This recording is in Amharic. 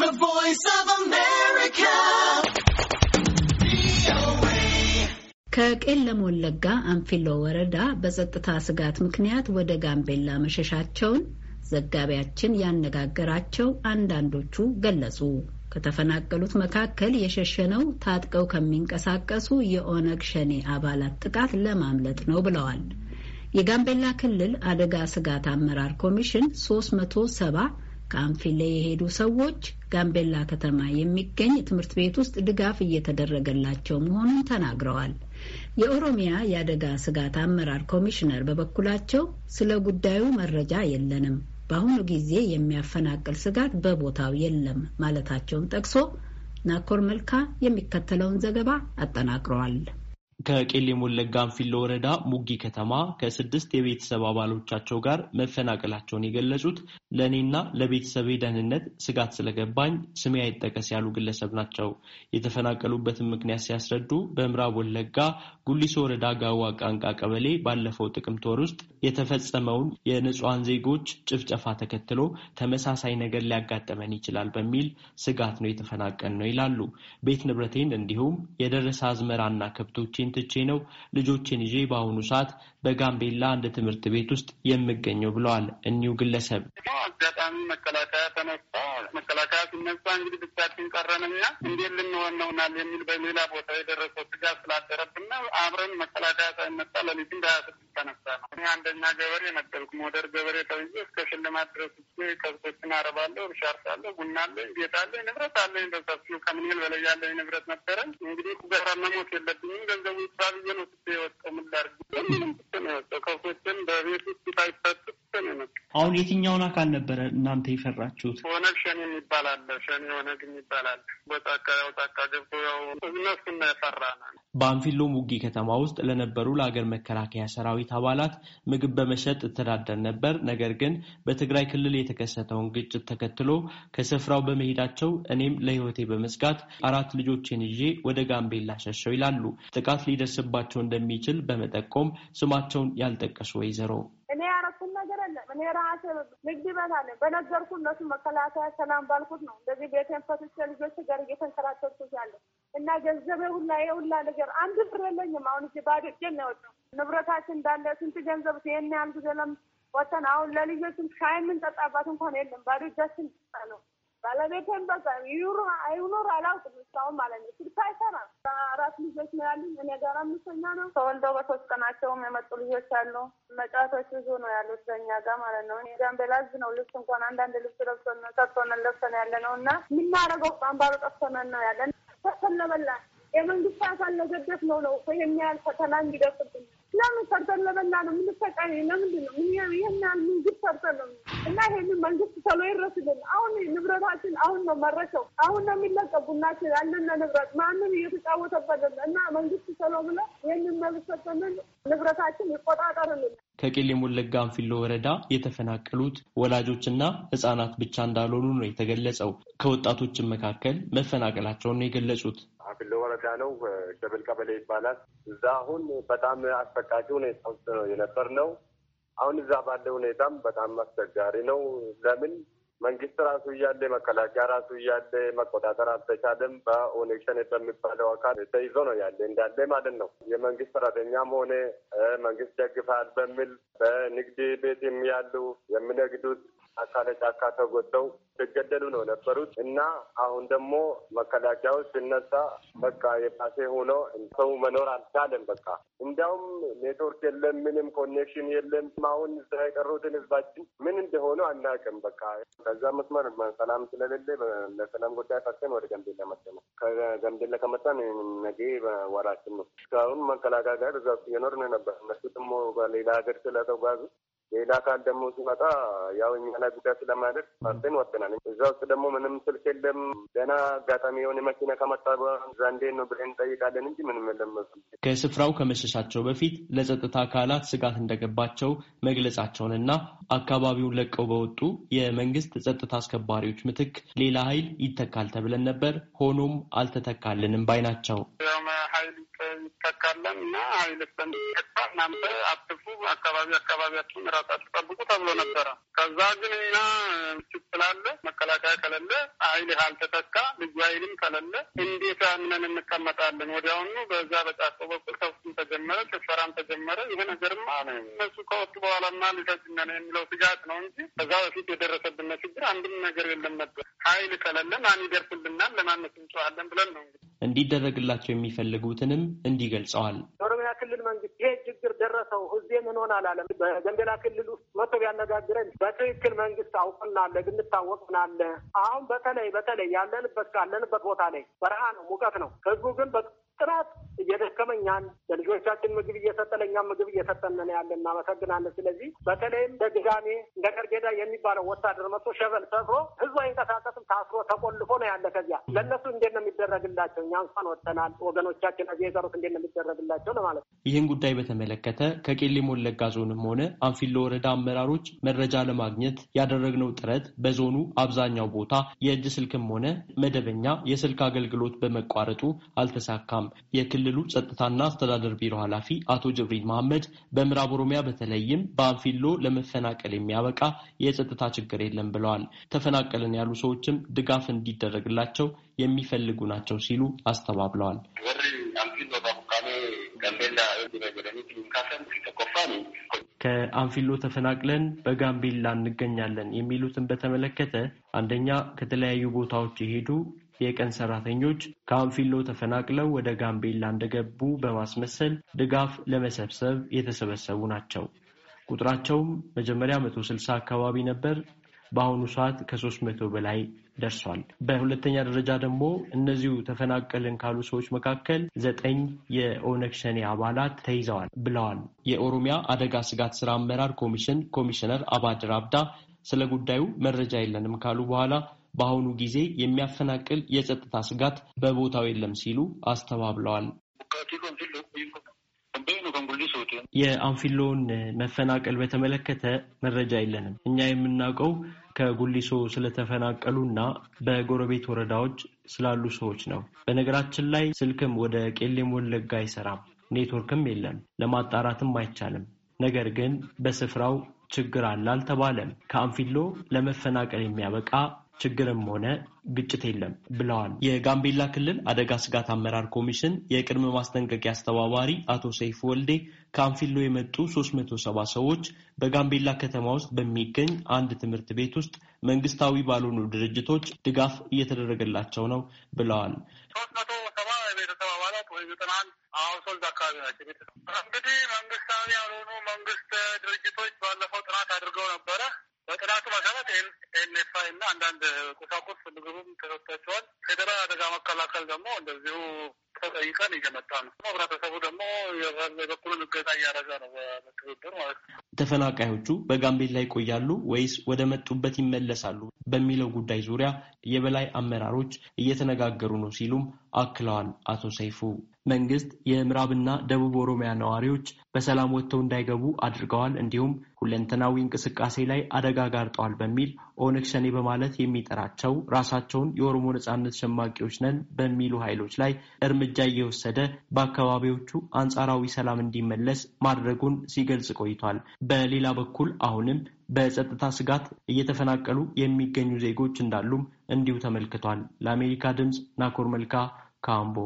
The Voice of America. ከቄለም ወለጋ አንፊሎ ወረዳ በጸጥታ ስጋት ምክንያት ወደ ጋምቤላ መሸሻቸውን ዘጋቢያችን ያነጋገራቸው አንዳንዶቹ ገለጹ። ከተፈናቀሉት መካከል የሸሸነው ታጥቀው ከሚንቀሳቀሱ የኦነግ ሸኔ አባላት ጥቃት ለማምለጥ ነው ብለዋል። የጋምቤላ ክልል አደጋ ስጋት አመራር ኮሚሽን 370 ከአንፊሌ የሄዱ ሰዎች ጋምቤላ ከተማ የሚገኝ ትምህርት ቤት ውስጥ ድጋፍ እየተደረገላቸው መሆኑን ተናግረዋል። የኦሮሚያ የአደጋ ስጋት አመራር ኮሚሽነር በበኩላቸው ስለ ጉዳዩ መረጃ የለንም፣ በአሁኑ ጊዜ የሚያፈናቅል ስጋት በቦታው የለም ማለታቸውን ጠቅሶ ናኮር መልካ የሚከተለውን ዘገባ አጠናቅረዋል። ከቄሌም ወለጋ አንፊሎ ወረዳ ሙጊ ከተማ ከስድስት የቤተሰብ አባሎቻቸው ጋር መፈናቀላቸውን የገለጹት ለእኔና ለቤተሰቤ ደህንነት ስጋት ስለገባኝ ስሜ አይጠቀስ ያሉ ግለሰብ ናቸው። የተፈናቀሉበትን ምክንያት ሲያስረዱ በምዕራብ ወለጋ ጉሊሶ ወረዳ ጋዋ ቃንቃ ቀበሌ ባለፈው ጥቅምት ወር ውስጥ የተፈጸመውን የንጹሐን ዜጎች ጭፍጨፋ ተከትሎ ተመሳሳይ ነገር ሊያጋጠመን ይችላል በሚል ስጋት ነው የተፈናቀን ነው ይላሉ። ቤት ንብረቴን እንዲሁም የደረሰ አዝመራና ከብቶቼን ልጆቼን ትቼ ነው ልጆቼን ይዤ በአሁኑ ሰዓት በጋምቤላ አንድ ትምህርት ቤት ውስጥ የምገኘው ብለዋል እኒው ግለሰብ። አጋጣሚ መከላከያ ተነሳ። መከላከያ ሲነሳ እንግዲህ ብቻችን ቀረንና እንዴት ልንሆን ነውናል የሚል በሌላ ቦታ የደረሰው ስጋት ስላደረብና አብረን መከላከያ ሳይነሳ ለሊት ሀያ ስድስት ተነሳ ነው። እኔ አንደኛ ገበሬ ነበርኩ። ሞደር ገበሬ ተብዬ እስከ ሽልማት ድረስ ከብቶችን አረባለሁ፣ እርሻ አርሳለሁ፣ ቡና አለኝ፣ ቤት አለኝ፣ ንብረት አለኝ። በሰፊው ከምንል በላይ ያለኝ ንብረት ነበረኝ። እንግዲህ ገራ መሞት የለብኝም ገንዘቡ የሚባል ይዤ ነው ስ የወጣው ምን ምንም ትቼ ነው የወጣው ከብቶችን በቤት ውስጥ ሳይፈቱ ትቼ ነው የመጣው። አሁን የትኛውን አካል ነበረ እናንተ የፈራችሁት? ኦነግ ሸኔ የሚባል አለ፣ ሸኔ ኦነግ የሚባል አለ። በጫካ ያው ጫካ ገብቶ ያው እነሱን ነው የፈራነው። በአንፊሎ ሙጊ ከተማ ውስጥ ለነበሩ ለአገር መከላከያ ሰራዊት አባላት ምግብ በመሸጥ እተዳደር ነበር። ነገር ግን በትግራይ ክልል የተከሰተውን ግጭት ተከትሎ ከስፍራው በመሄዳቸው እኔም ለሕይወቴ በመስጋት አራት ልጆቼን ይዤ ወደ ጋምቤላ ሸሸው ይላሉ። ጥቃት ሊደርስባቸው እንደሚችል በመጠቆም ስማቸውን ያልጠቀሱ ወይዘሮ እኔ ያረኩት ነገር የለም። እኔ ራሴ ንግድ ቤት በነገርኩ እነሱ መከላከያ ሰላም ባልኩት ነው እንደዚህ ቤቴን ፈትቼ ልጆች ጋር እየተንከራተትኩት ያለ እና ገንዘቤ ሁላ የሁላ ነገር አንድ ብር የለኝም። አሁን እ ባዶጄ ነው የወጣው ንብረታችን እንዳለ ስንት ገንዘብ ይህን ያህል ጊዜ ለም ወተን አሁን ለልጆችም ሻይ የምንጠጣባት እንኳን የለም። ባዶ እጃችን ነው ባለቤቴን በቃ አይኑር አላውቅም እስካሁን ማለት ነው። ስልክ አይሰራም። አራት ልጆች ነው ያሉኝ። እኔ ጋር አምስተኛ ነው። ተወልደው በሶስት ቀናቸውም የመጡ ልጆች አሉ። መጫወቶች ብዙ ነው ያሉት በእኛ ጋር ማለት ነው። ጋምቤላዝ ነው ልብስ እንኳን አንዳንድ ልብስ ለብሶ ሰጥቶነን ለብሰን ያለ ነው እና የምናደርገው አምባሮ ጠፍቶነን ነው ያለን ተሰነበላ የመንግስት አካል ለገደፍ ነው ነው ይህን ያህል ፈተና እንዲደርስብን ለምን ሰርተን ለበላ ነው የምንሰቃይ? ለምንድን ነው ይህን ያህል ምንግድ ሰርተን ነው? እና ይሄንን መንግስት ተሎ ይድረስልን። አሁን ንብረታችን አሁን ነው መረሸው፣ አሁን ነው የሚለቀው ቡናችን ያለነ ንብረት ማንም እየተጫወተበትን እና መንግስት ተሎ ብለ ይህንን መብት ሰጠንን፣ ንብረታችን ይቆጣጠርልን። ከቄለም ወለጋ አንፊሎ ወረዳ የተፈናቀሉት ወላጆችና ህጻናት ብቻ እንዳልሆኑ ነው የተገለጸው። ከወጣቶችን መካከል መፈናቀላቸውን ነው የገለጹት። ክልል ወረዳ ነው፣ ደብል ቀበሌ ይባላል። እዛ አሁን በጣም አስፈቃቂ ሁኔታ ውስጥ ነው የነበር ነው። አሁን እዛ ባለ ሁኔታም በጣም አስቸጋሪ ነው። ለምን መንግስት ራሱ እያለ መከላከያ ራሱ እያለ መቆጣጠር አልተቻለም። በኦኔክሽን በሚባለው አካል ተይዞ ነው ያለ እንዳለ ማለት ነው። የመንግስት ሰራተኛም ሆነ መንግስት ደግፋል በሚል በንግድ ቤት የሚያሉ የሚነግዱት አካለ ጫካ ተጎተው ሲገደሉ ነው ነበሩት እና አሁን ደግሞ መከላከያው ሲነሳ በቃ የባሴ ሆኖ ሰው መኖር አልቻለም። በቃ እንዲያውም ኔትወርክ የለም፣ ምንም ኮኔክሽን የለም። አሁን እዛ የቀሩትን ህዝባችን ምን እንደሆኑ አናውቅም። በቃ ከዛ መስመር ሰላም ስለሌለ ለሰላም ጉዳይ ፈርተን ወደ ገምቤላ መጣ ነው። ከገምቤላ ከመጣን ነገ ወራችን ነው። እስካሁን መከላከያ ጋር እዛ ውስጥ እየኖርን ነበር። እነሱ ደግሞ በሌላ ሀገር ስለተጓዙ ሌላ አካል ደግሞ ሲመጣ ያው እኛ ላይ ጉዳት ስለማያደርስ ፓርቴን ወጥናል። እዛ ውስጥ ደግሞ ምንም ስልክ የለም። ገና አጋጣሚ የሆነ መኪና ከመጣ እዛ እንዴት ነው ብለን እንጠይቃለን እንጂ ምንም የለም። ከስፍራው ከመሸሻቸው በፊት ለጸጥታ አካላት ስጋት እንደገባቸው መግለጻቸውንና አካባቢውን ለቀው በወጡ የመንግስት ጸጥታ አስከባሪዎች ምትክ ሌላ ኃይል ይተካል ተብለን ነበር። ሆኖም አልተተካልንም ባይ ናቸው። ኃይል ይተካለን እና ኃይል እናንተ አትፉ አካባቢ አካባቢያችን ራሳችሁ ጠብቁ ተብሎ ነበረ። ከዛ ግን እኛ ምችት ስላለ መከላከያ ከሌለ ኃይልህ አልተተካ ልዩ ኃይልም ከሌለ እንዴት አምነን እንቀመጣለን? ወዲያውኑ በዛ በጫቆ በኩል ተኩስም ተጀመረ፣ ጭፈራም ተጀመረ። ይሄ ነገርማ እነሱ ከወጡ በኋላማ ሊፈጅነን የሚለው ስጋት ነው እንጂ ከዛ በፊት የደረሰብን ችግር አንድም ነገር የለም ነበር። ኃይል ከሌለ ማን ይደርስልናል? ለማነስ እንጨዋለን ብለን ነው እንግዲህ እንዲደረግላቸው የሚፈልጉትንም እንዲገልጸዋል። የኦሮሚያ ክልል መንግስት ሰው ህዝቤ ምን ሆን አላለም። በጋምቤላ ክልል ውስጥ መቶ ቢያነጋግረን በትክክል መንግስት አውቅናለ፣ ግንታወቅናለ። አሁን በተለይ በተለይ ያለንበት ካለንበት ቦታ ላይ በረሃ ነው፣ ሙቀት ነው። ህዝቡ ግን በጥራት እየደከመኝ ለልጆቻችን ምግብ እየሰጠ ለእኛም ምግብ እየሰጠን ነው ያለ፣ እናመሰግናለን። ስለዚህ በተለይም በድጋሜ እንደ ቀርጌዳ የሚባለው ወታደር መጥቶ ሸበል ሰፍሮ ህዝቡ አይንቀሳቀስም፣ ታስሮ ተቆልፎ ነው ያለ። ከዚያ ለእነሱ እንዴት ነው የሚደረግላቸው? እኛ እንኳን ወጥተናል፣ ወገኖቻችን እዚህ የቀሩት እንዴት ነው የሚደረግላቸው ነው ማለት። ነው። ይህን ጉዳይ በተመለከተ ከቄሌ ሞለጋ ዞንም ሆነ አንፊሎ ወረዳ አመራሮች መረጃ ለማግኘት ያደረግነው ጥረት በዞኑ አብዛኛው ቦታ የእጅ ስልክም ሆነ መደበኛ የስልክ አገልግሎት በመቋረጡ አልተሳካም። የክል የክልሉ ጸጥታና አስተዳደር ቢሮ ኃላፊ አቶ ጅብሪል መሐመድ በምዕራብ ኦሮሚያ በተለይም በአንፊሎ ለመፈናቀል የሚያበቃ የጸጥታ ችግር የለም ብለዋል። ተፈናቀልን ያሉ ሰዎችም ድጋፍ እንዲደረግላቸው የሚፈልጉ ናቸው ሲሉ አስተባብለዋል። ከአንፊሎ ተፈናቅለን በጋምቤላ እንገኛለን የሚሉትን በተመለከተ አንደኛ ከተለያዩ ቦታዎች የሄዱ የቀን ሰራተኞች ከአንፊሎ ተፈናቅለው ወደ ጋምቤላ እንደገቡ በማስመሰል ድጋፍ ለመሰብሰብ የተሰበሰቡ ናቸው። ቁጥራቸውም መጀመሪያ 160 አካባቢ ነበር። በአሁኑ ሰዓት ከሶስት መቶ በላይ ደርሷል። በሁለተኛ ደረጃ ደግሞ እነዚሁ ተፈናቀልን ካሉ ሰዎች መካከል ዘጠኝ የኦነግ ሸኔ አባላት ተይዘዋል ብለዋል። የኦሮሚያ አደጋ ስጋት ስራ አመራር ኮሚሽን ኮሚሽነር አባድር አብዳ ስለ ጉዳዩ መረጃ የለንም ካሉ በኋላ በአሁኑ ጊዜ የሚያፈናቅል የጸጥታ ስጋት በቦታው የለም ሲሉ አስተባብለዋል። የአንፊሎን መፈናቀል በተመለከተ መረጃ የለንም። እኛ የምናውቀው ከጉሊሶ ስለተፈናቀሉ እና በጎረቤት ወረዳዎች ስላሉ ሰዎች ነው። በነገራችን ላይ ስልክም ወደ ቄሌም ወለጋ አይሰራም፣ ኔትወርክም የለም፣ ለማጣራትም አይቻልም። ነገር ግን በስፍራው ችግር አለ አልተባለም። ከአንፊሎ ለመፈናቀል የሚያበቃ ችግርም ሆነ ግጭት የለም ብለዋል። የጋምቤላ ክልል አደጋ ስጋት አመራር ኮሚሽን የቅድመ ማስጠንቀቂያ አስተባባሪ አቶ ሰይፍ ወልዴ ከአንፊሎ የመጡ 370 ሰዎች በጋምቤላ ከተማ ውስጥ በሚገኝ አንድ ትምህርት ቤት ውስጥ መንግስታዊ ባልሆኑ ድርጅቶች ድጋፍ እየተደረገላቸው ነው ብለዋል። አሁን አካባቢ ናቸው። እንግዲህ መንግስታዊ ያልሆኑ መንግስት ድርጅቶች ባለፈው ጥናት አድርገው ነበረ በጥናቱ መሰረት ኤንኤስአይ እና አንዳንድ ቁሳቁስ ምግብም ተሰጥቷቸዋል። ፌዴራል አደጋ መከላከል ደግሞ እንደዚሁ ተጠይቀን እየመጣ ነው። ህብረተሰቡ ደግሞ የበኩሉን እገዛ እያደረገ ነው በትብብር ማለት ነው። ተፈናቃዮቹ በጋምቤላ ይቆያሉ ወይስ ወደ መጡበት ይመለሳሉ በሚለው ጉዳይ ዙሪያ የበላይ አመራሮች እየተነጋገሩ ነው ሲሉም አክለዋል አቶ ሰይፉ። መንግስት የምዕራብና ደቡብ ኦሮሚያ ነዋሪዎች በሰላም ወጥተው እንዳይገቡ አድርገዋል፣ እንዲሁም ሁለንተናዊ እንቅስቃሴ ላይ አደጋ ጋርጠዋል በሚል ኦነግ ሸኔ በማለት የሚጠራቸው ራሳቸውን የኦሮሞ ነጻነት ሸማቂዎች ነን በሚሉ ኃይሎች ላይ እርምጃ እየወሰደ በአካባቢዎቹ አንጻራዊ ሰላም እንዲመለስ ማድረጉን ሲገልጽ ቆይቷል። በሌላ በኩል አሁንም በጸጥታ ስጋት እየተፈናቀሉ የሚገኙ ዜጎች እንዳሉም እንዲሁ ተመልክቷል። ለአሜሪካ ድምፅ ናኮር መልካ ካምቦ